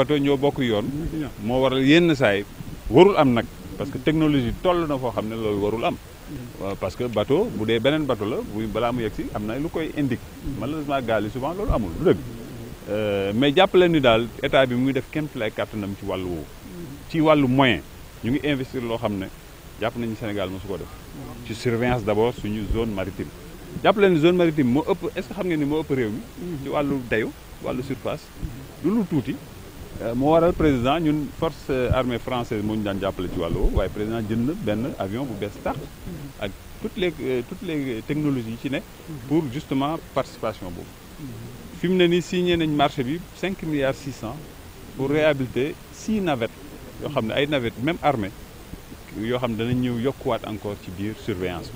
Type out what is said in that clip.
oto ñoo bokk yoon moo waral yenn saay warul am nag parce que technologie toll na foo xam ne loolu warul am parce que bateau bu dee beneen bateau la buy balaa mu yegsi am na lu koy indique malheureusement gaal yi souvent loolu amul lu dëgg euh, mais jàppaleen ni daal état bi mu ngi def kenn lay kàttanam ci wàllu woowu ci wàllu moyen ñu ngi investir loo xam ne jàpp nañu Sénégal ma su ko def ci surveillance d'abord suñu zone maritime jàpp leen zone maritime moo ëpp est-ce xam ngeen ni moo ëpp réew mi ci wàllu dayu lu tuuti Euh, moo le président ñun force euh, armée française moo ñu ci président avion bu tax toutes les euh, toutes les technologies pour justement participation boobu fi signé marché milliards pour réhabiliter six navettes navettes même armée yoo xam encore ci surveillance